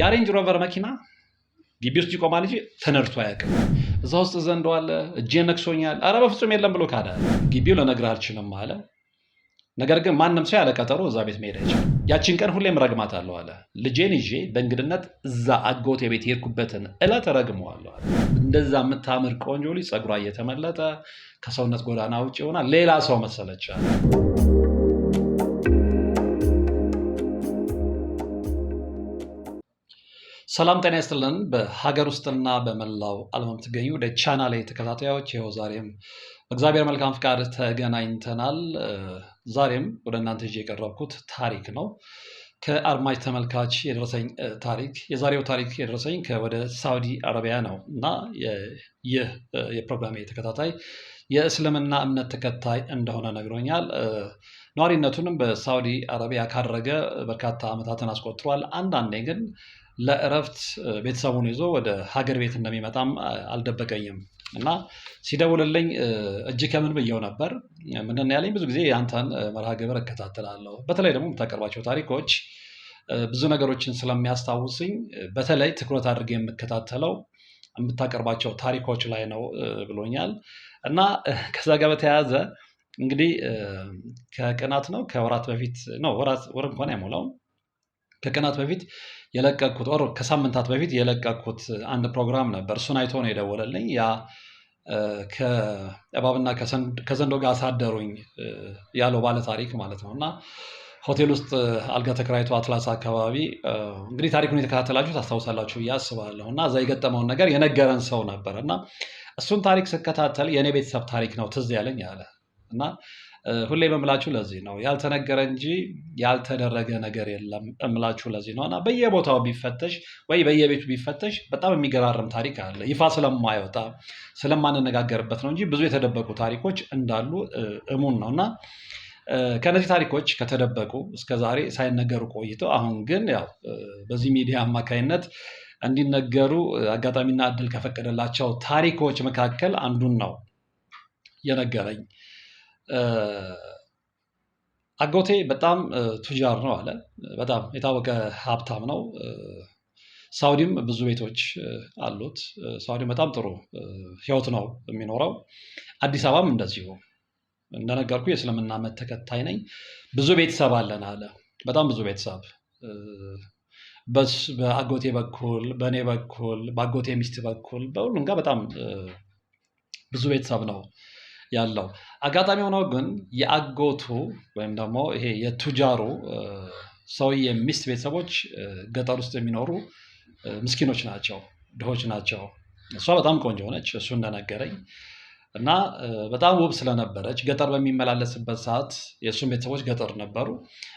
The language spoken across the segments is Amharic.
የአሬንጅ ሮቨር መኪና ግቢ ውስጥ ይቆማል እንጂ ተነድቶ አያውቅም። እዛ ውስጥ ዘንዶ አለ። እጄ ነክሶኛል። አረ በፍጹም የለም ብሎ ካደ። ግቢው ልነግርህ አልችልም አለ። ነገር ግን ማንም ሰው ያለ ቀጠሮ እዛ ቤት መሄድ አይችል። ያችን ቀን ሁሌም ረግማታለሁ አለ። ልጄን ይዤ በእንግድነት እዛ አጎቴ ቤት የሄድኩበትን እለት ረግመዋለሁ አለ። እንደዛ የምታምር ቆንጆ ልጅ ፀጉሯ እየተመለጠ ከሰውነት ጎዳና ውጭ ሆና ሌላ ሰው መሰለች አለ። ሰላም ጤና ይስጥልን። በሀገር ውስጥና በመላው ዓለም የምትገኙ ወደ ቻና ላይ ተከታታዮች ይኸው ዛሬም በእግዚአብሔር መልካም ፍቃድ ተገናኝተናል። ዛሬም ወደ እናንተ ይዤ የቀረብኩት ታሪክ ነው። ከአድማጭ ተመልካች የደረሰኝ ታሪክ የዛሬው ታሪክ የደረሰኝ ወደ ሳውዲ አረቢያ ነው እና ይህ የፕሮግራሜ ተከታታይ የእስልምና እምነት ተከታይ እንደሆነ ነግሮኛል። ነዋሪነቱንም በሳውዲ አረቢያ ካደረገ በርካታ ዓመታትን አስቆጥሯል። አንዳንዴ ግን ለእረፍት ቤተሰቡን ይዞ ወደ ሀገር ቤት እንደሚመጣም አልደበቀኝም እና ሲደውልልኝ እጅ ከምን ብየው ነበር። ምንድን ያለኝ ብዙ ጊዜ የአንተን መርሃ ግብር እከታተላለሁ፣ በተለይ ደግሞ የምታቀርባቸው ታሪኮች ብዙ ነገሮችን ስለሚያስታውስኝ በተለይ ትኩረት አድርጌ የምከታተለው የምታቀርባቸው ታሪኮች ላይ ነው ብሎኛል። እና ከዛ ጋር በተያያዘ እንግዲህ ከቀናት ነው ከወራት በፊት ነው ወር እንኳን አይሞላውም ከቀናት በፊት የለቀኩት ኦር ከሳምንታት በፊት የለቀኩት አንድ ፕሮግራም ነበር። እሱን አይቶ ነው የደወለልኝ። ያ ከእባብና ከዘንዶ ጋር አሳደሩኝ ያለው ባለታሪክ ማለት ነው እና ሆቴል ውስጥ አልጋ ተከራይቶ አትላስ አካባቢ እንግዲህ ታሪኩን የተከታተላችሁ ታስታውሳላችሁ ብዬ አስባለሁ እና እዛ የገጠመውን ነገር የነገረን ሰው ነበር እና እሱን ታሪክ ስከታተል የእኔ ቤተሰብ ታሪክ ነው ትዝ ያለኝ አለ እና ሁሌ የምላችሁ ለዚህ ነው ያልተነገረ እንጂ ያልተደረገ ነገር የለም እምላችሁ ለዚህ ነው። እና በየቦታው ቢፈተሽ ወይ በየቤቱ ቢፈተሽ በጣም የሚገራርም ታሪክ አለ። ይፋ ስለማይወጣ ስለማንነጋገርበት ነው እንጂ ብዙ የተደበቁ ታሪኮች እንዳሉ እሙን ነው እና ከነዚህ ታሪኮች ከተደበቁ እስከዛሬ ሳይነገሩ ቆይተው አሁን ግን ያው በዚህ ሚዲያ አማካይነት እንዲነገሩ አጋጣሚና እድል ከፈቀደላቸው ታሪኮች መካከል አንዱን ነው የነገረኝ። አጎቴ በጣም ቱጃር ነው አለ። በጣም የታወቀ ሀብታም ነው። ሳውዲም ብዙ ቤቶች አሉት። ሳውዲም በጣም ጥሩ ህይወት ነው የሚኖረው። አዲስ አበባም እንደዚሁ። እንደነገርኩ የእስልምና እምነት ተከታይ ነኝ። ብዙ ቤተሰብ አለን አለ። በጣም ብዙ ቤተሰብ በአጎቴ በኩል፣ በእኔ በኩል፣ በአጎቴ ሚስት በኩል በሁሉም ጋር በጣም ብዙ ቤተሰብ ነው ያለው። አጋጣሚ ሆኖ ግን የአጎቱ ወይም ደግሞ ይሄ የቱጃሩ ሰውዬ ሚስት ቤተሰቦች ገጠር ውስጥ የሚኖሩ ምስኪኖች ናቸው፣ ድሆች ናቸው። እሷ በጣም ቆንጆ ሆነች፣ እሱ እንደነገረኝ እና በጣም ውብ ስለነበረች ገጠር በሚመላለስበት ሰዓት የእሱም ቤተሰቦች ገጠር ነበሩ።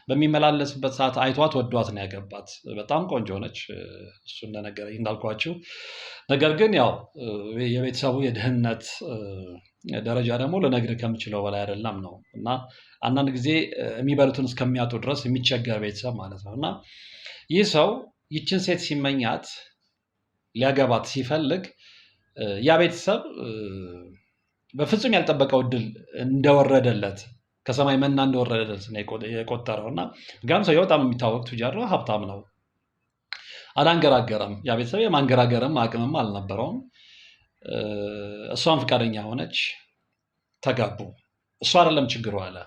በሚመላለስበት ሰዓት አይቷት ወዷት ነው ያገባት። በጣም ቆንጆ ሆነች እሱ እንደነገረኝ እንዳልኳችሁ። ነገር ግን ያው የቤተሰቡ የድህነት ደረጃ ደግሞ ልነግርህ ከምችለው በላይ አይደለም ነው እና አንዳንድ ጊዜ የሚበሉትን እስከሚያጡ ድረስ የሚቸገር ቤተሰብ ማለት ነው እና ይህ ሰው ይችን ሴት ሲመኛት ሊያገባት ሲፈልግ ያ ቤተሰብ በፍጹም ያልጠበቀው እድል እንደወረደለት ከሰማይ መና እንደወረደለት የቆጠረው እና ጋም ሰው በጣም የሚታወቅ ቱጃር ሀብታም ነው። አላንገራገረም። ያ ቤተሰብ የማንገራገርም አቅምም አልነበረውም። እሷን ፈቃደኛ ሆነች፣ ተጋቡ። እሷ አይደለም ችግሩ አለ።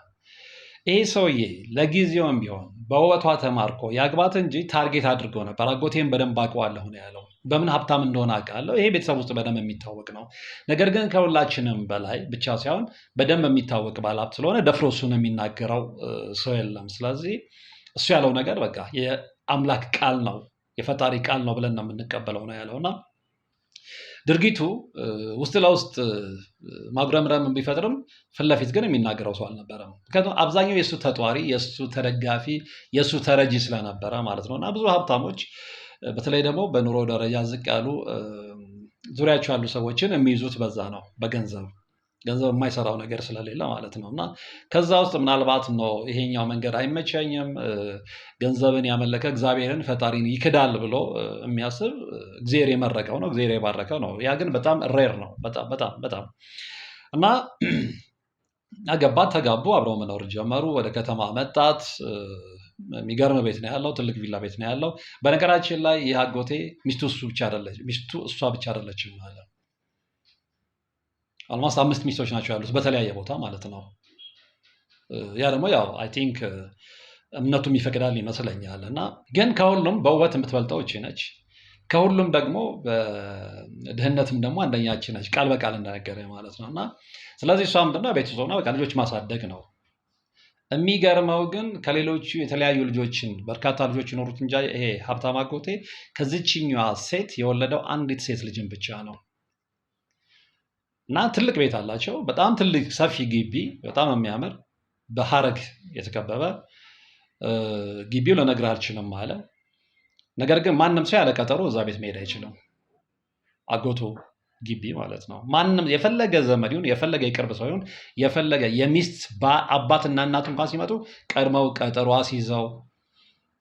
ይሄ ሰውዬ ለጊዜውም ቢሆን በውበቷ ተማርኮ ያግባት እንጂ ታርጌት አድርጎ ነበር። አጎቴን በደንብ አውቀዋለሁ ነው ያለው። በምን ሀብታም እንደሆነ አውቃለሁ። ይሄ ቤተሰብ ውስጥ በደንብ የሚታወቅ ነው። ነገር ግን ከሁላችንም በላይ ብቻ ሳይሆን በደንብ የሚታወቅ ባለሀብት ስለሆነ ደፍሮ እሱን የሚናገረው ሰው የለም። ስለዚህ እሱ ያለው ነገር በቃ የአምላክ ቃል ነው የፈጣሪ ቃል ነው ብለን ነው የምንቀበለው ነው ያለውና ድርጊቱ ውስጥ ለውስጥ ማጉረምረም ቢፈጥርም ፊት ለፊት ግን የሚናገረው ሰው አልነበረም። ምክንያቱም አብዛኛው የእሱ ተጧሪ፣ የእሱ ተደጋፊ፣ የእሱ ተረጂ ስለነበረ ማለት ነው እና ብዙ ሀብታሞች በተለይ ደግሞ በኑሮ ደረጃ ዝቅ ያሉ ዙሪያቸው ያሉ ሰዎችን የሚይዙት በዛ ነው በገንዘብ ገንዘብ የማይሰራው ነገር ስለሌለ ማለት ነው። እና ከዛ ውስጥ ምናልባት ነው ይሄኛው መንገድ አይመቸኝም፣ ገንዘብን ያመለከ እግዚአብሔርን ፈጣሪን ይክዳል ብሎ የሚያስብ እግዚአብሔር የመረቀው ነው፣ እግዚአብሔር የባረቀው ነው። ያ ግን በጣም ሬር ነው። በጣም በጣም በጣም እና አገባት፣ ተጋቡ፣ አብረው መኖር ጀመሩ። ወደ ከተማ መጣት። የሚገርም ቤት ነው ያለው፣ ትልቅ ቪላ ቤት ነው ያለው። በነገራችን ላይ ይህ አጎቴ ሚስቱ እሱ ብቻ አይደለች፣ ሚስቱ እሷ ብቻ አይደለችም ማለት አልማስ አምስት ሚስቶች ናቸው ያሉት በተለያየ ቦታ ማለት ነው። ያ ደግሞ ያው አይ ቲንክ እምነቱም ይፈቅዳል ይመስለኛል። እና ግን ከሁሉም በውበት የምትበልጠው እቺ ነች። ከሁሉም ደግሞ በድህነትም ደግሞ አንደኛ እቺ ነች፣ ቃል በቃል እንደነገረ ማለት ነው። እና ስለዚህ እሷ ምንድነው ቤት በቃ ልጆች ማሳደግ ነው። የሚገርመው ግን ከሌሎቹ የተለያዩ ልጆችን በርካታ ልጆች ይኖሩት እንጂ ይሄ ሀብታም አጎቴ ከዚችኛዋ ሴት የወለደው አንዲት ሴት ልጅን ብቻ ነው። እና ትልቅ ቤት አላቸው። በጣም ትልቅ ሰፊ ግቢ፣ በጣም የሚያምር በሀረግ የተከበበ ግቢው ልነግርህ አልችልም አለ። ነገር ግን ማንም ሰው ያለ ቀጠሮ እዛ ቤት መሄድ አይችልም። አጎቶ ግቢ ማለት ነው። ማንም የፈለገ ዘመድ ይሁን የፈለገ የቅርብ ሰው ይሁን የፈለገ የሚስት አባትና እናቱ እንኳን ሲመጡ ቀድመው ቀጠሮ አስይዘው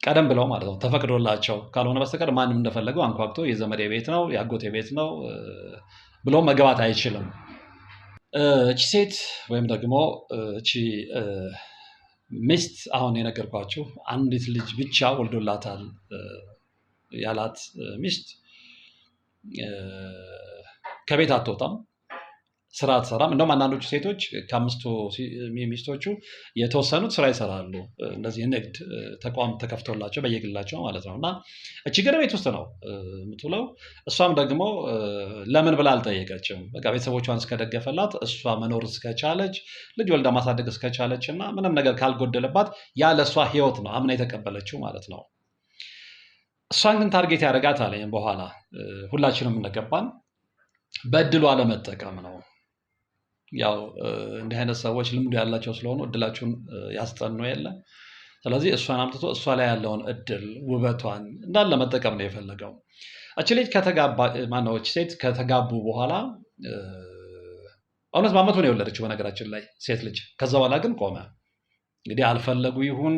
ቀደም ብለው ማለት ነው ተፈቅዶላቸው፣ ካልሆነ በስተቀር ማንም እንደፈለገው አንኳኩቶ የዘመድ ቤት ነው የአጎቴ ቤት ነው ብሎ መግባት አይችልም። እቺ ሴት ወይም ደግሞ እቺ ሚስት አሁን የነገርኳችሁ አንዲት ልጅ ብቻ ወልዶላታል ያላት ሚስት ከቤት አትወጣም። ስራ አትሰራም። እንደውም አንዳንዶቹ ሴቶች ከአምስቱ ሚስቶቹ የተወሰኑት ስራ ይሰራሉ። እንደዚህ ንግድ ተቋም ተከፍቶላቸው በየግላቸው ማለት ነው። እና እቺ ግን ቤት ውስጥ ነው የምትውለው። እሷም ደግሞ ለምን ብላ አልጠየቀችም። በቃ ቤተሰቦቿን እስከደገፈላት፣ እሷ መኖር እስከቻለች፣ ልጅ ወልዳ ማሳደግ እስከቻለች እና ምንም ነገር ካልጎደለባት ያ ለእሷ ህይወት ነው አምና የተቀበለችው ማለት ነው። እሷን ግን ታርጌት አለኝ በኋላ ሁላችንም እንደገባን በእድሉ አለመጠቀም ነው ያው እንዲህ አይነት ሰዎች ልምዱ ያላቸው ስለሆኑ እድላቸውን ያስጠኑ የለ። ስለዚህ እሷን አምጥቶ እሷ ላይ ያለውን እድል ውበቷን እንዳለ መጠቀም ነው የፈለገው። እች ልጅ ከተጋባ ማነች ሴት ከተጋቡ በኋላ እውነት በአመቱ ነው የወለደችው በነገራችን ላይ ሴት ልጅ። ከዛ በኋላ ግን ቆመ። እንግዲህ አልፈለጉ ይሁን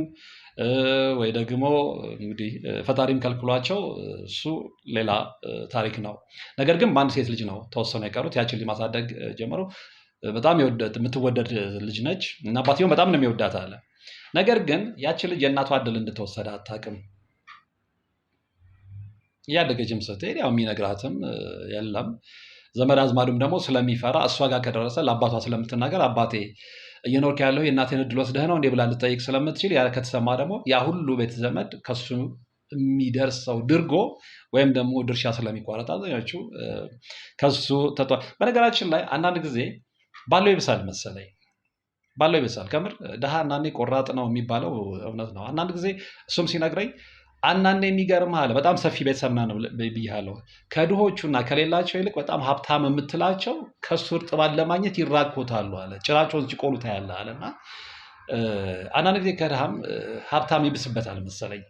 ወይ ደግሞ እንግዲህ ፈጣሪም ከልክሏቸው እሱ ሌላ ታሪክ ነው። ነገር ግን በአንድ ሴት ልጅ ነው ተወሰኑ የቀሩት። ያችን ልጅ ማሳደግ ጀመሩ። በጣም የምትወደድ ልጅ ነች እና አባትየው በጣም ነው የሚወዳት አለ። ነገር ግን ያቺ ልጅ የእናቷ እድል እንድትወሰደ አታውቅም። እያደገችም ስትሄድ ያው የሚነግራትም የለም። ዘመድ አዝማዱም ደግሞ ስለሚፈራ እሷ ጋር ከደረሰ ለአባቷ ስለምትናገር አባቴ እየኖርክ ያለው የእናቴን እድል ወስደህ ነው እንዴ ብላ ልጠይቅ ስለምትችል ከተሰማ ደግሞ ያ ሁሉ ቤተ ዘመድ ከሱ የሚደርሰው ድርጎ ወይም ደግሞ ድርሻ ስለሚቋረጥ አብዛኞቹ ከሱ ተጠ በነገራችን ላይ አንዳንድ ጊዜ ባለው ይብሳል መሰለኝ ባለው ይብሳል። ከምር ድሃ አንዳንዴ ቆራጥ ነው የሚባለው እውነት ነው። አንዳንድ ጊዜ እሱም ሲነግረኝ አንዳንዴ የሚገርም አለ። በጣም ሰፊ ቤተሰብና ነው ብያለሁ። እና ከሌላቸው ይልቅ በጣም ሀብታም የምትላቸው ከእሱ እርጥባን ለማግኘት ይራኮታሉ አለ። ጭራቸውን ሲቆሉ ታያለህ አለ። እና አንዳንድ ጊዜ ከድሃም ሀብታም ይብስበታል መሰለኝ።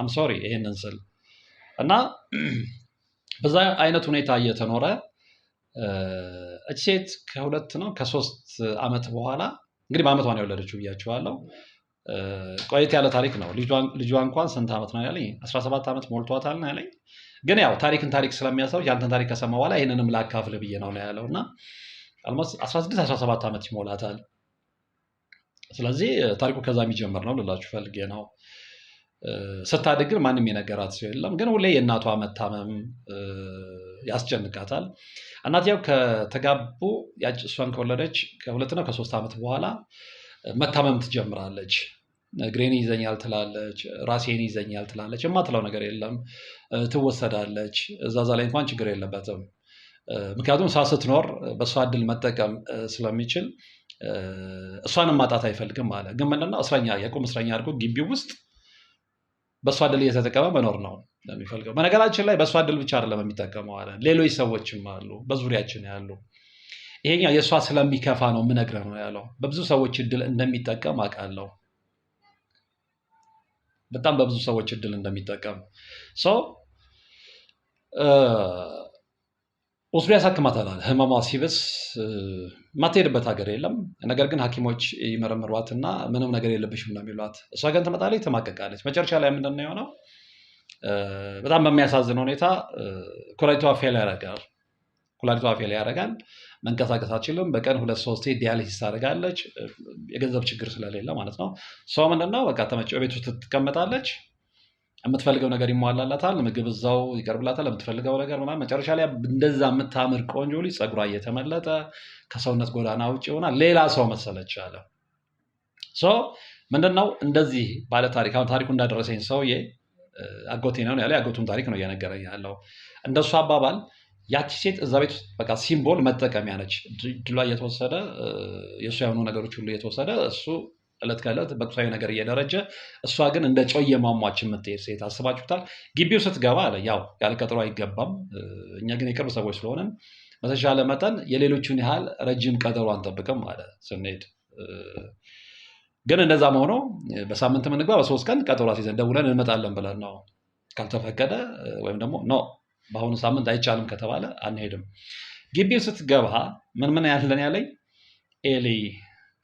አም ሶሪ ይሄንን ስል እና በዛ አይነት ሁኔታ እየተኖረ እች ሴት ከሁለት ነው ከሶስት ዓመት በኋላ እንግዲህ በዓመቷ ነው የወለደችው ብያችኋለሁ። ቆየት ያለ ታሪክ ነው። ልጇ እንኳን ስንት ዓመት ነው ያለኝ? 17 ዓመት ሞልቷታል ነው ያለኝ። ግን ያው ታሪክን ታሪክ ስለሚያሳው ያንተን ታሪክ ከሰማ በኋላ ይህንንም ላካፍል ብዬ ነው ነው ያለው እና አልሞስት 16 17 ዓመት ይሞላታል። ስለዚህ ታሪኩ ከዛ የሚጀምር ነው ልላችሁ ፈልጌ ነው። ስታድግ ማንም የነገራት ሰው የለም። ግን ሁሌ የእናቷ መታመም ያስጨንቃታል። እናትየው ከተጋቡ እሷን ከወለደች ከሁለትና ከሶስት ዓመት በኋላ መታመም ትጀምራለች። እግሬን ይዘኛል ትላለች፣ ራሴን ይዘኛል ትላለች። የማትለው ነገር የለም። ትወሰዳለች። እዛዛ ላይ እንኳን ችግር የለበትም። ምክንያቱም እሷ ስትኖር በእሷ እድል መጠቀም ስለሚችል እሷንም ማጣት አይፈልግም ማለት ግን ምንድነው እስረኛ የቁም እስረኛ አድርጎ ግቢ ውስጥ በእሷ እድል እየተጠቀመ መኖር ነው። ለሚፈልገው በነገራችን ላይ በእሷ እድል ብቻ አይደለም የሚጠቀመው አለ ሌሎች ሰዎችም አሉ በዙሪያችን ያሉ ይሄኛው የእሷ ስለሚከፋ ነው የምነግርህ ነው ያለው በብዙ ሰዎች እድል እንደሚጠቀም አውቃለሁ በጣም በብዙ ሰዎች እድል እንደሚጠቀም ሰው ወስዶ ያሳክማታል ህመሟ ሲብስ ማትሄድበት ሀገር የለም ነገር ግን ሀኪሞች ይመረምሯትና ምንም ነገር የለብሽም ነው የሚሏት እሷ ግን ትመጣለች ትማቀቃለች መጨረሻ ላይ ምንድን ነው የሆነው በጣም በሚያሳዝን ሁኔታ ኩላሊቷ ፌል ያደርጋል። ኩላሊቷ ፌል ያደርጋል። መንቀሳቀስ አችልም። በቀን ሁለት ሶስቴ ዲያሊሲስ ታደርጋለች። የገንዘብ ችግር ስለሌለ ማለት ነው። ሰው ምንድነው በቃ ተመጭ በቤት ውስጥ ትቀመጣለች። የምትፈልገው ነገር ይሟላላታል። ምግብ እዛው ይቀርብላታል። የምትፈልገው ነገር ምናምን መጨረሻ ላይ እንደዛ የምታምር ቆንጆ ልጅ ፀጉሯ እየተመለጠ ከሰውነት ጎዳና ውጭ ሆና ሌላ ሰው መሰለች አለ። ምንድነው እንደዚህ ባለ ታሪክ አሁን ታሪኩ እንዳደረሰኝ ሰውዬ አጎቴ ነው ያለ የአጎቱን ታሪክ ነው እየነገረ ያለው። እንደሱ አባባል ያቺ ሴት እዛ ቤት በቃ ሲምቦል መጠቀሚያ ነች። ድሏ እየተወሰደ የእሱ የሆኑ ነገሮች ሁሉ እየተወሰደ እሱ እለት ከእለት በቁሳዊ ነገር እየደረጀ እሷ ግን እንደ ጨው የማሟች የምትሄድ ሴት አስባችሁታል። ግቢው ስትገባ አለ ያው ያለቀጥሮ አይገባም። እኛ ግን የቅርብ ሰዎች ስለሆነን በተሻለ መጠን የሌሎቹን ያህል ረጅም ቀጠሮ አንጠብቅም አለ ስንሄድ ግን እንደዛ ሆኖ በሳምንት ምንግባ በሶስት ቀን ቀጠሮ ሲዘን ደውለን እንመጣለን ብለን ነው። ካልተፈቀደ ወይም ደግሞ ኖ በአሁኑ ሳምንት አይቻልም ከተባለ አንሄድም። ግቢው ስትገባ ምን ምን ያለን ያለኝ ኤሊ፣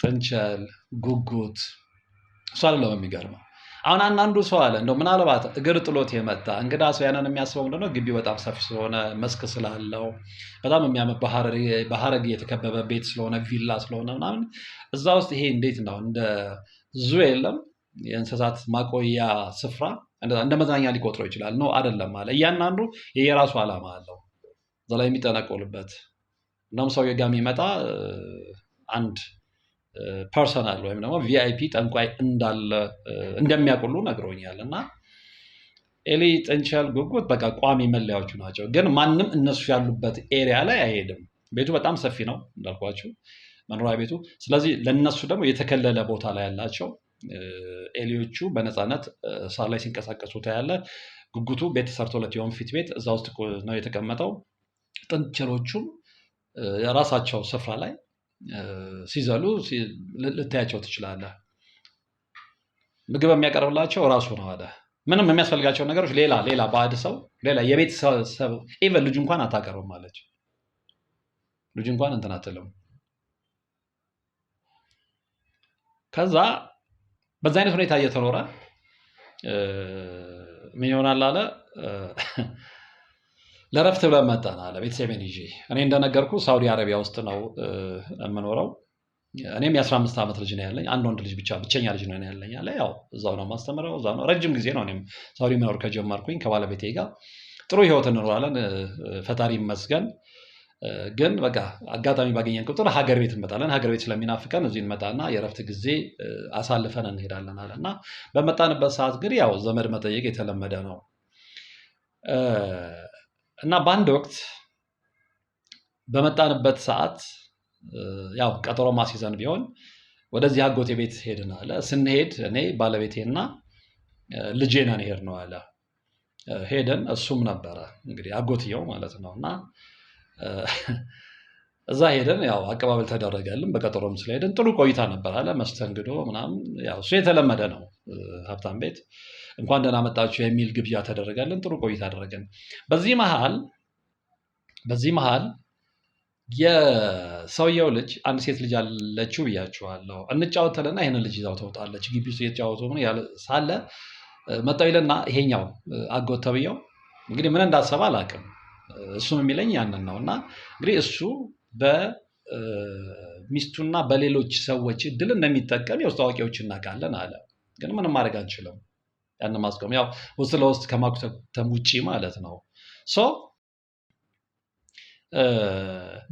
ጥንቸል፣ ጉጉት እሷ ለው የሚገርመው አሁን አንዳንዱ ሰው አለ እንደው ምናልባት እግር ጥሎት የመጣ እንግዳ ሰው ያንን የሚያስበው ምንድነው ግቢ በጣም ሰፊ ስለሆነ መስክ ስላለው በጣም የሚያምር በሀረግ የተከበበ ቤት ስለሆነ ቪላ ስለሆነ ምናምን እዛ ውስጥ ይሄ እንዴት ነው እንደ ዙ የለም የእንስሳት ማቆያ ስፍራ እንደ መዝናኛ ሊቆጥረው ይችላል። ነው አደለም አለ። እያንዳንዱ የየራሱ አላማ አለው እዛ ላይ የሚጠነቆልበት። እናም ሰው ጋር የሚመጣ አንድ ፐርሰናል ወይም ደግሞ ቪአይፒ ጠንቋይ እንዳለ እንደሚያውቁሉ ነግሮኛል። እና ኤሊ ጥንቸል፣ ጉጉት በቃ ቋሚ መለያዎቹ ናቸው። ግን ማንም እነሱ ያሉበት ኤሪያ ላይ አይሄድም። ቤቱ በጣም ሰፊ ነው እንዳልኳችሁ መኖሪያ ቤቱ። ስለዚህ ለእነሱ ደግሞ የተከለለ ቦታ ላይ ያላቸው ኤሊዎቹ በነፃነት ሳር ላይ ሲንቀሳቀሱ ታያለ። ጉጉቱ ቤት ተሰርቶለት የሆን ፊት ቤት እዛ ውስጥ ነው የተቀመጠው። ጥንቸሎቹም የራሳቸው ስፍራ ላይ ሲዘሉ ልታያቸው ትችላለህ። ምግብ የሚያቀርብላቸው እራሱ ነው አለ። ምንም የሚያስፈልጋቸው ነገሮች ሌላ ሌላ ባዕድ ሰው ሌላ የቤተሰብ ኢቨን ልጅ እንኳን አታቀርብም አለች። ልጅ እንኳን እንትን አትልም። ከዛ በዛ አይነት ሁኔታ እየተኖረ ምን ይሆናል አለ ለረፍት ብለን መጠናል ቤተሰብን ይዤ። እኔ እንደነገርኩ ሳውዲ አረቢያ ውስጥ ነው የምኖረው። እኔም የአስራ አምስት ዓመት ልጅ ነው ያለኝ። አንድ ወንድ ልጅ ብቻ ብቸኛ ልጅ ነው ያለኝ ያለ ያው እዛው ነው ማስተምረው፣ እዛው ነው ረጅም ጊዜ ነው እኔም ሳውዲ መኖር ከጀመርኩኝ ከባለቤቴ ጋር ጥሩ ህይወት እንኖራለን፣ ፈጣሪ ይመስገን። ግን በቃ አጋጣሚ ባገኘን ቁጥር ሀገር ቤት እንመጣለን። ሀገር ቤት ስለሚናፍቀን እዚህ እንመጣና የረፍት ጊዜ አሳልፈን እንሄዳለን አለ እና በመጣንበት ሰዓት ግን ያው ዘመድ መጠየቅ የተለመደ ነው። እና በአንድ ወቅት በመጣንበት ሰዓት ያው ቀጠሮ ማስይዘን ቢሆን ወደዚህ አጎቴ ቤት ሄድን አለ። ስንሄድ እኔ ባለቤቴና ልጄ ነን ሄድ ነው አለ። ሄደን እሱም ነበረ እንግዲህ አጎትየው ማለት ነው እና እዛ ሄደን ያው አቀባበል ተደረገልን። በቀጠሮም ስለሄደን ጥሩ ቆይታ ነበር አለ። መስተንግዶ ምናምን ያው እሱ የተለመደ ነው ሀብታም ቤት እንኳን ደህና መጣችሁ የሚል ግብዣ ተደረገልን። ጥሩ ቆይታ አደረገን። በዚህ መሃል በዚህ መሃል የሰውየው ልጅ አንድ ሴት ልጅ አለችው ብያችኋለሁ። እንጫወተልና ይህን ልጅ ይዛው ተውጣለች። ግቢ ውስጥ የተጫወቱ ሳለ መጣው ይለና ይሄኛው አጎት ተብዬው እንግዲህ ምን እንዳሰበ አላውቅም። እሱም የሚለኝ ያንን ነው እና እንግዲህ እሱ በሚስቱና በሌሎች ሰዎች እድል እንደሚጠቀም የውስጥ አዋቂዎች እናውቃለን አለ። ግን ምንም ማድረግ አንችልም። ያን ማስቆም ያው ውስጥ ለውስጥ ከማኩተም ውጪ ማለት ነው። ሶ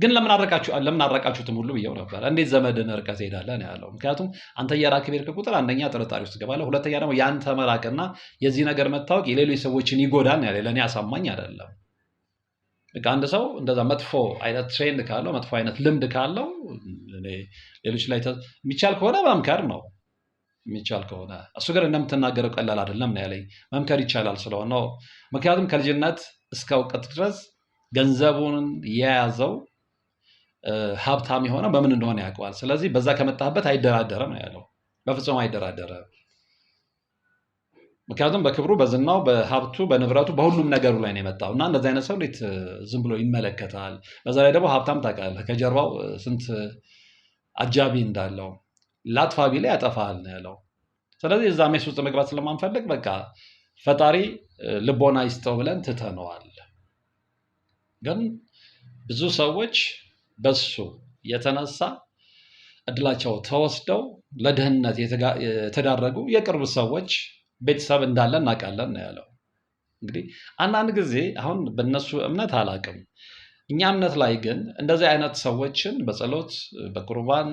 ግን ለምን አረቃችሁትም ሁሉ ብየው ነበር። እንዴት ዘመድን ርቀህ ትሄዳለህ ነው ያለው። ምክንያቱም አንተ እየራቅህ በሄድክ ቁጥር አንደኛ ጥርጣሬ ውስጥ ገባለ ሁለተኛ ደግሞ የአንተ መራቅና የዚህ ነገር መታወቅ የሌሎች ሰዎችን ይጎዳል ያለ። ለእኔ አሳማኝ አይደለም። አንድ ሰው እንደዛ መጥፎ አይነት ትሬንድ ካለው መጥፎ አይነት ልምድ ካለው ሌሎች ላይ የሚቻል ከሆነ መምከር ነው የሚቻል ከሆነ እሱ ግን እንደምትናገረው ቀላል አይደለም ነው ያለኝ። መምከር ይቻላል ስለሆነው ምክንያቱም ከልጅነት እስከ እውቀት ድረስ ገንዘቡን የያዘው ሀብታም የሆነ በምን እንደሆነ ያውቀዋል። ስለዚህ በዛ ከመጣበት አይደራደርም ነው ያለው። በፍጹም አይደራደርም። ምክንያቱም በክብሩ፣ በዝናው፣ በሀብቱ፣ በንብረቱ፣ በሁሉም ነገሩ ላይ ነው የመጣው እና እንደዚህ አይነት ሰው እንዴት ዝም ብሎ ይመለከታል? በዛ ላይ ደግሞ ሀብታም ታውቃለህ፣ ከጀርባው ስንት አጃቢ እንዳለው ላጥፋ ቢላ ያጠፋል ነው ያለው። ስለዚህ እዛ ሜስ ውስጥ መግባት ስለማንፈልግ በቃ ፈጣሪ ልቦና ይስጠው ብለን ትተነዋል። ግን ብዙ ሰዎች በሱ የተነሳ እድላቸው ተወስደው ለድህነት የተዳረጉ የቅርብ ሰዎች ቤተሰብ እንዳለን እናውቃለን ነው ያለው። እንግዲህ አንዳንድ ጊዜ አሁን በነሱ እምነት አላውቅም እኛ እምነት ላይ ግን እንደዚህ አይነት ሰዎችን በጸሎት በቁርባን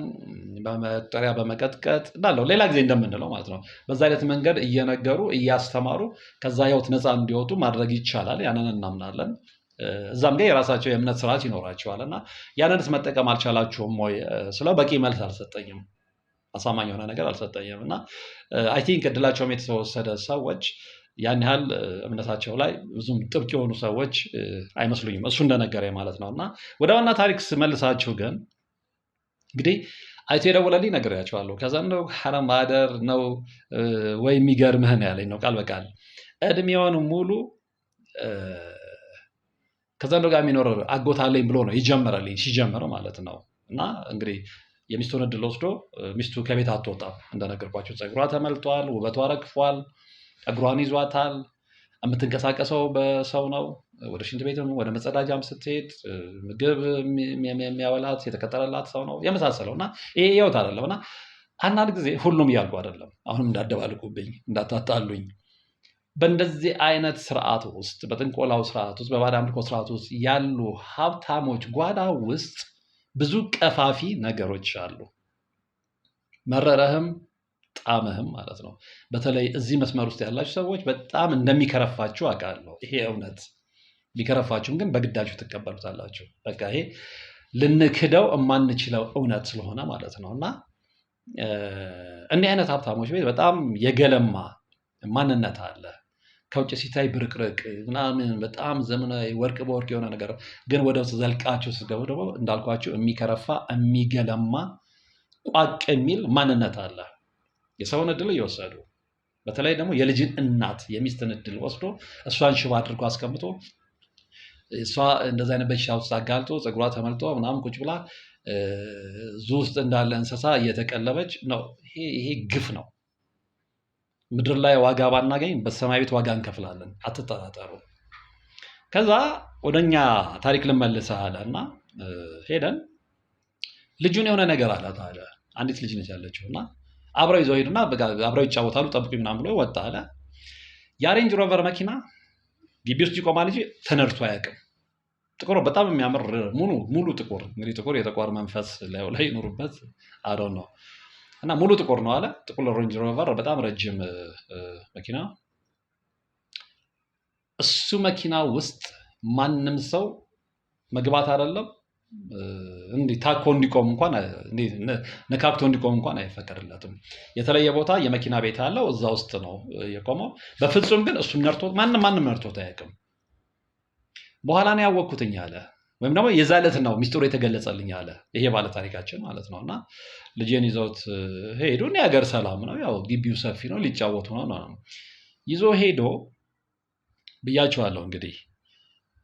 በመጠሪያ በመቀጥቀጥ እንዳለው ሌላ ጊዜ እንደምንለው ማለት ነው በዛ አይነት መንገድ እየነገሩ እያስተማሩ ከዛ ህይወት ነፃ እንዲወጡ ማድረግ ይቻላል። ያንን እናምናለን። እዛም ጋር የራሳቸው የእምነት ስርዓት ይኖራቸዋል እና ያንንስ መጠቀም አልቻላችሁም ወይ ስለው በቂ መልስ አልሰጠኝም። አሳማኝ የሆነ ነገር አልሰጠኝም እና አይ ቲንክ እድላቸውም የተወሰደ ሰዎች ያን ያህል እምነታቸው ላይ ብዙም ጥብቅ የሆኑ ሰዎች አይመስሉኝም። እሱ እንደነገረ ማለት ነው። እና ወደ ዋና ታሪክ ስመልሳችሁ ግን እንግዲህ አይቶ የደወለልኝ ነግሬያቸዋለሁ። ከዛ ነው ሐረም ማደር ነው ወይ የሚገርምህን ያለኝ ነው ቃል በቃል እድሜውን ሙሉ ከዛ ጋር የሚኖር አጎታለኝ ብሎ ነው ይጀምረልኝ ሲጀምር ማለት ነው እና እንግዲህ የሚስቱን እድል ወስዶ ሚስቱ ከቤት አትወጣም። እንደነገርኳቸው ፀጉሯ ተመልጧል፣ ውበቷ ረግፏል። እግሯን ይዟታል። የምትንቀሳቀሰው በሰው ነው። ወደ ሽንት ቤት ወደ መጸዳጃም ስትሄድ ምግብ የሚያበላት የተቀጠረላት ሰው ነው የመሳሰለው እና ይሄ ህይወት አይደለም እና አንዳንድ ጊዜ ሁሉም እያልኩ አይደለም። አሁንም እንዳደባልቁብኝ እንዳታታሉኝ። በእንደዚህ አይነት ስርዓት ውስጥ በጥንቆላው ስርዓት ውስጥ በባዕድ አምልኮ ስርዓት ውስጥ ያሉ ሀብታሞች ጓዳ ውስጥ ብዙ ቀፋፊ ነገሮች አሉ። መረረህም ጣመህም ማለት ነው። በተለይ እዚህ መስመር ውስጥ ያላችሁ ሰዎች በጣም እንደሚከረፋችሁ አውቃለሁ። ይሄ እውነት ሊከረፋችሁም፣ ግን በግዳችሁ ትቀበሉታላችሁ። በቃ ይሄ ልንክደው የማንችለው እውነት ስለሆነ ማለት ነው እና እንዲህ አይነት ሀብታሞች ቤት በጣም የገለማ ማንነት አለ። ከውጭ ሲታይ ብርቅርቅ ምናምን በጣም ዘመናዊ ወርቅ በወርቅ የሆነ ነገር፣ ግን ወደ ውስጥ ዘልቃችሁ ስትገቡ ደግሞ እንዳልኳችሁ የሚከረፋ የሚገለማ ቋቅ የሚል ማንነት አለ። የሰውን እድል እየወሰዱ በተለይ ደግሞ የልጅን እናት የሚስትን እድል ወስዶ እሷን ሽባ አድርጎ አስቀምጦ እሷ እንደዚ አይነት በሽታ ውስጥ አጋልጦ ፀጉሯ ተመልጦ ምናምን ቁጭ ብላ ዙ ውስጥ እንዳለ እንስሳ እየተቀለበች ነው። ይሄ ግፍ ነው። ምድር ላይ ዋጋ ባናገኝ በሰማይ ቤት ዋጋ እንከፍላለን። አትጠራጠሩ። ከዛ ወደኛ ታሪክ ልመልሰ አለ እና ሄደን ልጁን የሆነ ነገር አላት አለ። አንዲት ልጅ ነች ያለችው እና አብረው ይዘው ሄዱና አብረው ይጫወታሉ ጠብቁ ምናምን ብሎ ወጣ አለ። የሬንጅ ሮቨር መኪና ግቢ ውስጥ ይቆማል እንጂ ተነድቶ አያውቅም። ጥቁር በጣም የሚያምር ሙሉ ሙሉ ጥቁር እንግዲህ ጥቁር የተቋር መንፈስ ላይ ይኖሩበት አዶ ነው እና ሙሉ ጥቁር ነው አለ። ጥቁር ሬንጅ ሮቨር በጣም ረጅም መኪና። እሱ መኪና ውስጥ ማንም ሰው መግባት አይደለም እንዲህ ታኮ እንዲቆም እንኳን ነካክቶ እንዲቆም እንኳን አይፈቀድለትም። የተለየ ቦታ የመኪና ቤት አለው፣ እዛ ውስጥ ነው የቆመው። በፍጹም ግን እሱም ነርቶ ማንም ማንም ነርቶት አያውቅም። በኋላ ነው ያወቅኩትኝ አለ፣ ወይም ደግሞ የዛ ዕለት ነው ሚስጥሩ የተገለጸልኝ አለ። ይሄ ባለ ታሪካችን ማለት ነው። እና ልጄን ይዘውት ሄዱ። እኔ ሀገር ሰላም ነው፣ ያው ግቢው ሰፊ ነው፣ ሊጫወቱ ነው ነው ይዞ ሄዶ ብያቸዋለሁ እንግዲህ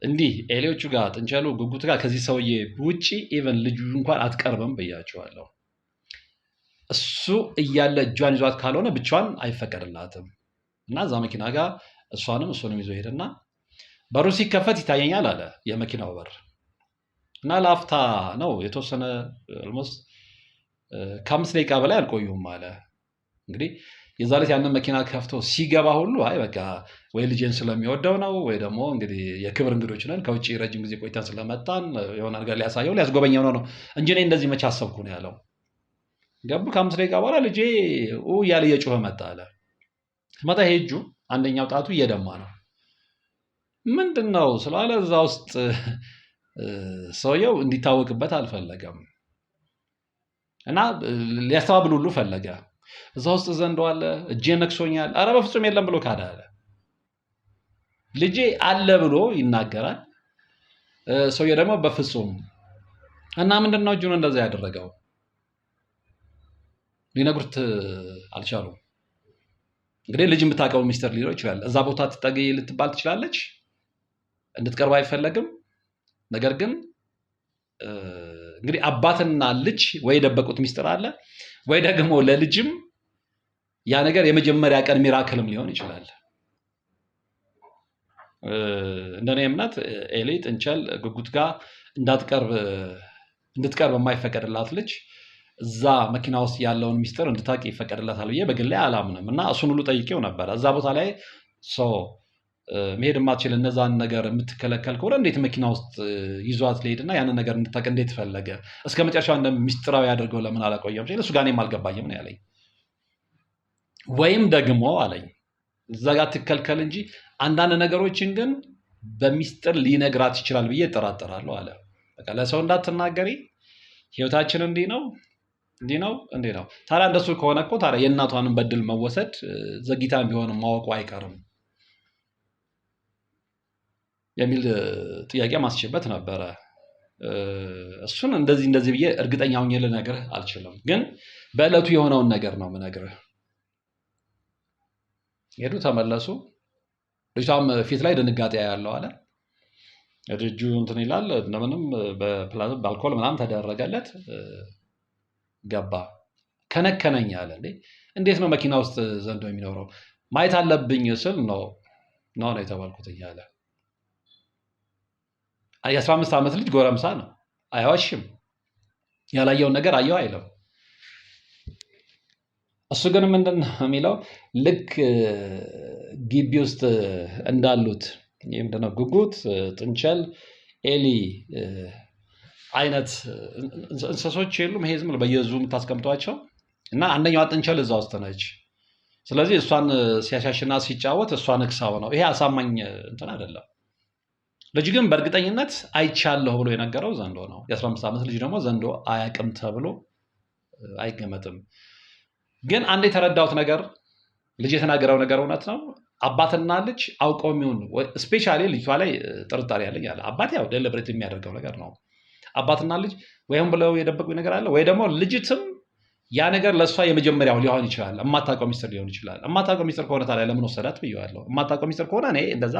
እንዲህ ኤሌዎቹ ጋር ጥንቸሉ ጉጉት ጋር ከዚህ ሰውዬ ውጭ ኢቨን ልጁ እንኳን አትቀርበም ብያቸዋለሁ። እሱ እያለ እጇን ይዟት ካልሆነ ብቻዋን አይፈቀድላትም እና እዛ መኪና ጋር እሷንም እሱንም ይዞ ሄደና በሩ ሲከፈት ይታየኛል አለ የመኪናው በር እና ለአፍታ ነው የተወሰነ ኦልሞስት ከአምስት ደቂቃ በላይ አልቆዩም አለ እንግዲህ የዛሬ ያንን መኪና ከፍቶ ሲገባ ሁሉ አይ በቃ ወይ ልጄን ስለሚወደው ነው ወይ ደግሞ እንግዲህ የክብር እንግዶች ነን ከውጭ ረጅም ጊዜ ቆይተን ስለመጣን የሆነ ነገር ሊያሳየው ሊያስጎበኘው ነው ነው እንጂ እኔ እንደዚህ መቼ አሰብኩ ነው ያለው። ገቡ። ከአምስት ደቂቃ በኋላ ልጄ እያለ እየጮኸ መጣ አለ። መጣ ሄጁ አንደኛው ጣቱ እየደማ ነው። ምንድን ነው ስለዋለ እዛ ውስጥ ሰውየው እንዲታወቅበት አልፈለገም እና ሊያስተባብል ሁሉ ፈለገ። እዛ ውስጥ ዘንዶ አለ፣ እጄ ነክሶኛል፣ አረ በፍጹም የለም ብሎ ካደ አለ። ልጄ አለ ብሎ ይናገራል። ሰውዬ ደግሞ በፍጹም እና ምንድን ነው እጁን እንደዛ ያደረገው? ሊነግሩት አልቻሉም። እንግዲህ ልጅ የምታውቀው ሚስጥር ሊኖር ይችላል። እዛ ቦታ ትጠጊ ልትባል ትችላለች። እንድትቀርብ አይፈለግም። ነገር ግን እንግዲህ አባትና ልጅ ወይ የደበቁት ሚስጥር አለ ወይ ደግሞ ለልጅም ያ ነገር የመጀመሪያ ቀን ሚራክልም ሊሆን ይችላል። እንደኔ እምነት ኤሊ ጥንቸል ጉጉት ጋር እንዳትቀርብ እንድትቀርብ የማይፈቀድላት ልጅ እዛ መኪና ውስጥ ያለውን ሚስጥር እንድታቅ ይፈቀድላታል ብዬ በግል ላይ አላምንም እና እሱን ሁሉ ጠይቄው ነበረ። እዛ ቦታ ላይ ሰው መሄድ የማትችል እነዛን ነገር የምትከለከል ከሆነ እንዴት መኪና ውስጥ ይዟት ሊሄድና ያንን ነገር እንድታቅ እንዴት ፈለገ? እስከ መጨረሻ እንደ ሚስጥራዊ ያደርገው ለምን አላቆየም? እሱ ጋኔም አልገባኝም ነው ያለኝ። ወይም ደግሞ አለኝ እዛ ጋር ትከልከል እንጂ አንዳንድ ነገሮችን ግን በሚስጥር ሊነግራት ይችላል ብዬ እጠራጠራለሁ አለ። በቃ ለሰው እንዳትናገሪ፣ ህይወታችን እንዲህ ነው እንዲህ ነው እንዲህ ነው። ታዲያ እንደሱ ከሆነ እኮ ታዲያ የእናቷንም በድል መወሰድ ዘጊታ ቢሆንም ማወቁ አይቀርም የሚል ጥያቄ ማስችበት ነበረ። እሱን እንደዚህ እንደዚህ ብዬ እርግጠኛ ሁኜ ልነግርህ አልችልም፣ ግን በዕለቱ የሆነውን ነገር ነው የምነግርህ። ሄዱ፣ ተመለሱ። ልጅቷም ፊት ላይ ድንጋጤ ያለው አለ። እጁ እንትን ይላል። እንደምንም በአልኮል ምናምን ተደረገለት፣ ገባ። ከነከነኝ አለ። እንዴት ነው መኪና ውስጥ ዘንዶ የሚኖረው? ማየት አለብኝ ስል ነው ነው ነው የተባልኩትኝ አለ። የአስራ አምስት ዓመት ልጅ ጎረምሳ ነው፣ አይዋሽም። ያላየውን ነገር አየው አይለም። እሱ ግን ምንድነው የሚለው ልክ ግቢ ውስጥ እንዳሉት ምንድነው ጉጉት፣ ጥንቸል፣ ኤሊ አይነት እንስሶች የሉም። ይሄ ዝም በየዙ የምታስቀምጧቸው እና አንደኛዋ ጥንቸል እዛ ውስጥ ነች። ስለዚህ እሷን ሲያሻሽና ሲጫወት እሷን እክሳው ነው። ይሄ አሳማኝ እንትን አይደለም። ልጅ ግን በእርግጠኝነት አይቻለሁ ብሎ የነገረው ዘንዶ ነው። የ15 ዓመት ልጅ ደግሞ ዘንዶ አያቅም ተብሎ አይገመትም። ግን አንድ የተረዳሁት ነገር ልጅ የተናገረው ነገር እውነት ነው። አባትና ልጅ አውቀው የሚሆን ስፔሻሊ ልጅቷ ላይ ጥርጣሬ ያለኝ አለ። አባት ያው ደለብሬት የሚያደርገው ነገር ነው። አባትና ልጅ ወይም ብለው የደበቁ ነገር አለ ወይ ደግሞ ልጅትም ያ ነገር ለእሷ የመጀመሪያው ሊሆን ይችላል። የማታውቀው ሚስጥር ሊሆን ይችላል። የማታውቀው ሚስጥር ከሆነ ታዲያ ለምን ወሰዳት ብዬዋለሁ። የማታውቀው ሚስጥር ከሆነ እኔ እንደዛ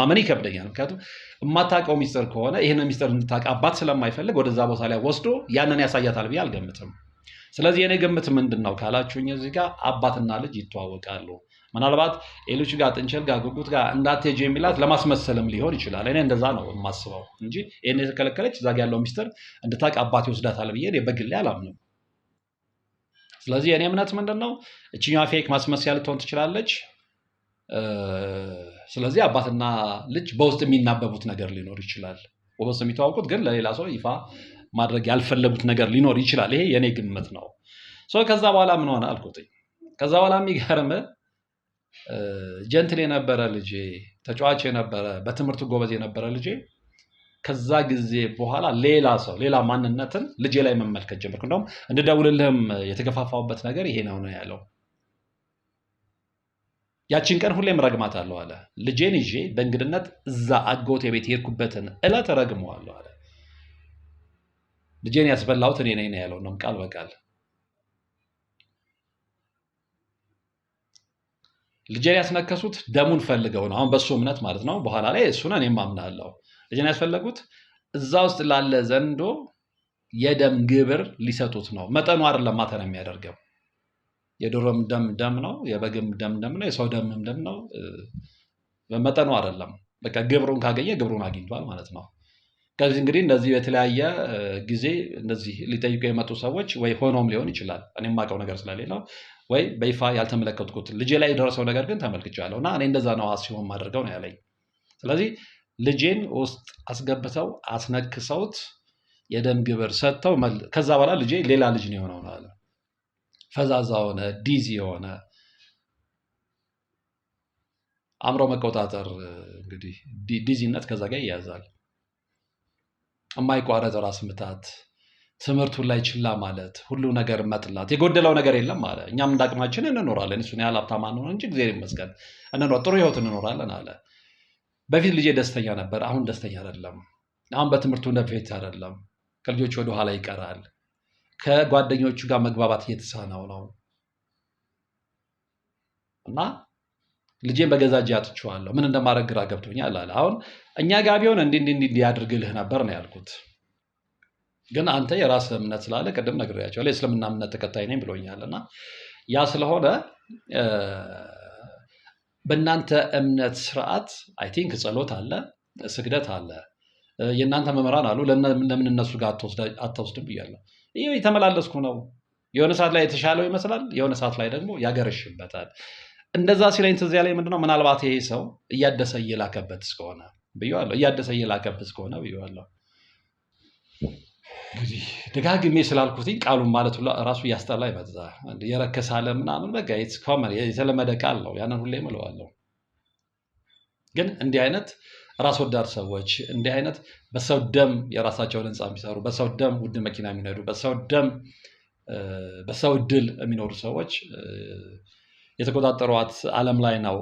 ማመን ይከብደኛል። ምክንያቱም የማታውቀው ሚስጥር ከሆነ ይህን ሚስጥር እንድታውቅ አባት ስለማይፈልግ ወደዛ ቦታ ላይ ወስዶ ያንን ያሳያታል ብዬ አልገምትም። ስለዚህ የኔ ግምት ምንድን ነው ካላችሁኝ እዚህ ጋር አባትና ልጅ ይተዋወቃሉ። ምናልባት ሌሎች ጋር ጥንቸል ጋር ጉጉት ጋር እንዳትሄጂ የሚላት ለማስመሰልም ሊሆን ይችላል። እኔ እንደዛ ነው የማስበው እንጂ ይህን የተከለከለች እዛ ያለው ሚስጥር እንድታውቅ አባት ይወስዳታል ብዬ በግሌ አላምንም። ስለዚህ የእኔ እምነት ምንድን ነው እችኛ ፌክ ማስመሰያ ልትሆን ትችላለች። ስለዚህ አባትና ልጅ በውስጥ የሚናበቡት ነገር ሊኖር ይችላል። በውስጥ የሚተዋውቁት ግን ለሌላ ሰው ይፋ ማድረግ ያልፈለጉት ነገር ሊኖር ይችላል። ይሄ የእኔ ግምት ነው። ከዛ በኋላ ምን ሆነ አልኩትኝ። ከዛ በኋላ የሚገርም ጀንትል የነበረ ልጄ፣ ተጫዋች የነበረ በትምህርቱ ጎበዝ የነበረ ልጄ ከዛ ጊዜ በኋላ ሌላ ሰው ሌላ ማንነትን ልጄ ላይ መመልከት ጀመርኩ። እንደውም እንደደውልልህም የተገፋፋሁበት ነገር ይሄ ነው ነው ያለው። ያችን ቀን ሁሌም ረግማታለሁ አለ። ልጄን ይዤ በእንግድነት እዛ አጎቴ ቤት የሄድኩበትን ዕለት ረግመዋለሁ አለ። ልጄን ያስበላሁት እኔ ነኝ ነው ያለው። ነው ቃል በቃል ልጄን ያስነከሱት ደሙን ፈልገው ነው። አሁን በሱ እምነት ማለት ነው። በኋላ ላይ እሱን እኔ አምናለሁ። ልጄን ያስፈለጉት እዛ ውስጥ ላለ ዘንዶ የደም ግብር ሊሰጡት ነው። መጠኑ አይደለም ማተር የሚያደርገው የዶሮም ደም ደም ነው፣ የበግም ደም ደም ነው፣ የሰው ደምም ደም ነው። በመጠኑ አይደለም። በቃ ግብሩን ካገኘ ግብሩን አግኝቷል ማለት ነው። ከዚህ እንግዲህ እንደዚህ በተለያየ ጊዜ እንደዚህ ሊጠይቁ የመጡ ሰዎች ወይ ሆኖም ሊሆን ይችላል እኔ የማውቀው ነገር ስለሌለው ወይ በይፋ ያልተመለከትኩት ልጄ ላይ የደረሰው ነገር ግን ተመልክቻለሁ እና እኔ እንደዛ ነው ሲሆን ማድርገው ነው ያለኝ። ስለዚህ ልጄን ውስጥ አስገብተው አስነክሰውት የደም ግብር ሰጥተው ከዛ በኋላ ልጄ ሌላ ልጅ ነው የሆነው አለ። ፈዛዛ ሆነ ዲዚ የሆነ አእምሮ መቆጣጠር እንግዲህ ዲዚነት ከዛ ጋር ይያዛል። የማይቋረጥ ራስ ምታት፣ ትምህርቱን ላይ ችላ ማለት፣ ሁሉ ነገር መጥላት፣ የጎደለው ነገር የለም አለ። እኛም እንዳቅማችን እንኖራለን። እሱን ያህል ሀብታም አንሆንም እንጂ እግዚአብሔር ይመስገን እንኖር ጥሩ ህይወት እንኖራለን አለ። በፊት ልጄ ደስተኛ ነበር፣ አሁን ደስተኛ አይደለም። አሁን በትምህርቱ እንደፊት አይደለም። ከልጆች ወደ ኋላ ይቀራል። ከጓደኞቹ ጋር መግባባት እየተሳነው ነው እና ልጄን በገዛ እጄ አጥቼዋለሁ። ምን እንደማድረግ ግራ ገብቶኛል አለ። አሁን እኛ ጋር ቢሆን እንዲህ እንዲህ እንዲህ ያድርግልህ ነበር ነው ያልኩት። ግን አንተ የራስህ እምነት ስላለ ቅድም ነግሬያቸዋለሁ፣ የእስልምና እምነት ተከታይ ነኝ ብሎኛል እና ያ ስለሆነ በእናንተ እምነት ስርዓት አይ ቲንክ ጸሎት አለ፣ ስግደት አለ። የእናንተ መምህራን አሉ፣ ለምን እነሱ ጋር አታውስድም ብያለሁ። ይህ የተመላለስኩ ነው። የሆነ ሰዓት ላይ የተሻለው ይመስላል፣ የሆነ ሰዓት ላይ ደግሞ ያገረሽበታል። እንደዛ ሲለኝ ትዝ ላይ ምንድነው ምናልባት ይሄ ሰው እያደሰ እየላከበት እስከሆነ ብዋለሁ እያደሰ እየላከበት እስከሆነ ብዋለሁ እንግዲህ ደጋግሜ ስላልኩትኝ ቃሉን ማለት ራሱ እያስጠላ ይበዛ የረከሳለ ምናምን በቃ የተለመደ ቃል ነው። ያንን ሁሌ ምለዋለሁ ግን እንዲህ አይነት ራስ ወዳድ ሰዎች እንዲህ አይነት በሰው ደም የራሳቸውን ህንፃ የሚሰሩ በሰው ደም ውድ መኪና የሚነዱ በሰው ደም በሰው ድል የሚኖሩ ሰዎች የተቆጣጠሯት ዓለም ላይ ነው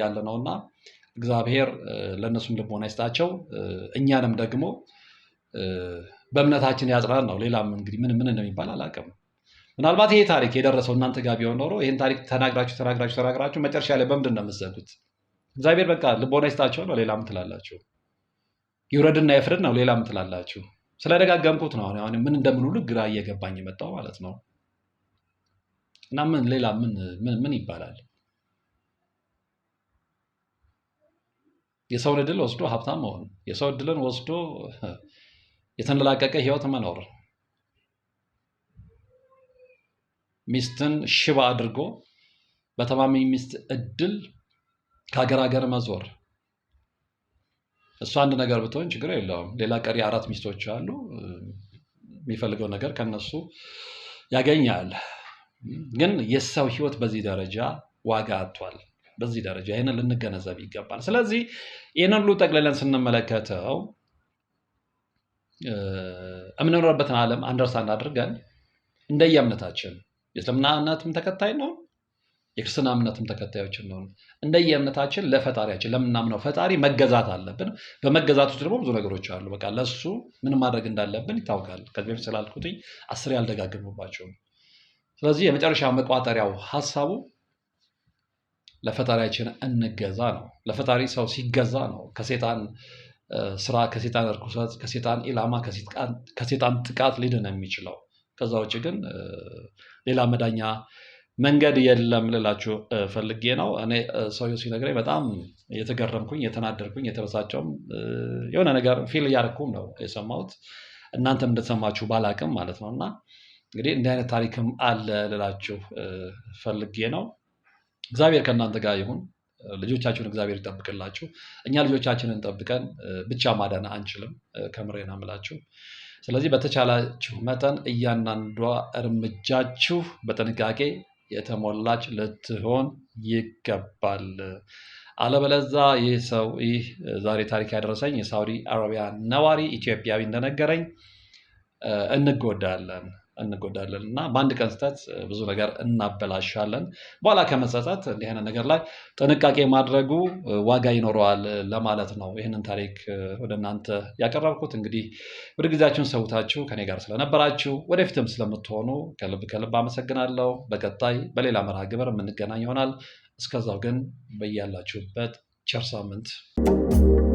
ያለ ነው እና እግዚአብሔር ለእነሱም ልቦና ይስጣቸው፣ እኛንም ደግሞ በእምነታችን ያጽናን ነው። ሌላ እንግዲህ ምን ምን እንደሚባል አላውቅም። ምናልባት ይሄ ታሪክ የደረሰው እናንተ ጋር ቢሆን ኖሮ ይህን ታሪክ ተናግራችሁ ተናግራችሁ ተናግራችሁ መጨረሻ ላይ በምንድን ነው የምትዘጉት? እግዚአብሔር በቃ ልቦና ይስጣቸው ነው። ሌላ ምን ትላላችሁ? ይውረድና ይፍረድ ነው። ሌላ ምን ትላላችሁ? ስለደጋገምኩት ነው። አሁን ምን እንደምንሉ ግራ እየገባኝ የመጣው ማለት ነው። እና ምን ሌላ ምን ምን ይባላል? የሰውን እድል ወስዶ ሀብታም መሆን፣ የሰው እድልን ወስዶ የተንደላቀቀ ህይወት መኖር፣ ሚስትን ሽባ አድርጎ በተማሚ ሚስት እድል ከሀገር ሀገር መዞር። እሱ አንድ ነገር ብትሆን ችግር የለውም። ሌላ ቀሪ አራት ሚስቶች አሉ። የሚፈልገው ነገር ከነሱ ያገኛል። ግን የሰው ህይወት በዚህ ደረጃ ዋጋ አጥቷል። በዚህ ደረጃ ይህንን ልንገነዘብ ይገባል። ስለዚህ ይህን ሁሉ ጠቅልለን ስንመለከተው የምንኖርበትን ዓለም አንደርስታንድ አድርገን እንደየ እምነታችን የእስልምና እምነትም ተከታይ ነው፣ የክርስትና እምነትም ተከታዮች ነው። እንደየ እምነታችን ለፈጣሪያችን ለምናምነው ፈጣሪ መገዛት አለብን። በመገዛት ውስጥ ደግሞ ብዙ ነገሮች አሉ። በቃ ለእሱ ምን ማድረግ እንዳለብን ይታወቃል። ከዚህ በፊት ስላልኩትኝ አስር ያልደጋግምባቸውም ስለዚህ የመጨረሻ መቋጠሪያው ሀሳቡ ለፈጣሪያችን እንገዛ ነው። ለፈጣሪ ሰው ሲገዛ ነው ከሴጣን ስራ፣ ከሴጣን እርኩሰት፣ ከሴጣን ኢላማ፣ ከሴጣን ጥቃት ሊድን የሚችለው። ከዛ ውጭ ግን ሌላ መዳኛ መንገድ የለም ልላችሁ ፈልጌ ነው። እኔ ሰው ሲነግረኝ በጣም የተገረምኩኝ፣ የተናደርኩኝ፣ የተበሳጨውም የሆነ ነገር ፊል እያደረኩም ነው የሰማሁት። እናንተም እንደተሰማችሁ ባላቅም ማለት ነው እና እንግዲህ እንዲህ አይነት ታሪክም አለ ልላችሁ ፈልጌ ነው። እግዚአብሔር ከእናንተ ጋር ይሁን። ልጆቻችሁን እግዚአብሔር ይጠብቅላችሁ። እኛ ልጆቻችንን ጠብቀን ብቻ ማዳን አንችልም። ከምሬን አምላችሁ። ስለዚህ በተቻላችሁ መጠን እያንዳንዷ እርምጃችሁ በጥንቃቄ የተሞላች ልትሆን ይገባል። አለበለዛ ይህ ሰው ይህ ዛሬ ታሪክ ያደረሰኝ የሳውዲ አረቢያ ነዋሪ ኢትዮጵያዊ እንደነገረኝ እንጎዳለን። እንጎዳለን እና በአንድ ቀን ስህተት ብዙ ነገር እናበላሻለን። በኋላ ከመጸጸት እንዲህ አይነት ነገር ላይ ጥንቃቄ ማድረጉ ዋጋ ይኖረዋል ለማለት ነው። ይህንን ታሪክ ወደ እናንተ ያቀረብኩት እንግዲህ ወደ ጊዜያችሁን ሰውታችሁ ከኔ ጋር ስለነበራችሁ ወደፊትም ስለምትሆኑ ከልብ ከልብ አመሰግናለሁ። በቀጣይ በሌላ መርሃ ግብር የምንገናኝ ይሆናል። እስከዛው ግን በያላችሁበት ቸር ሳምንት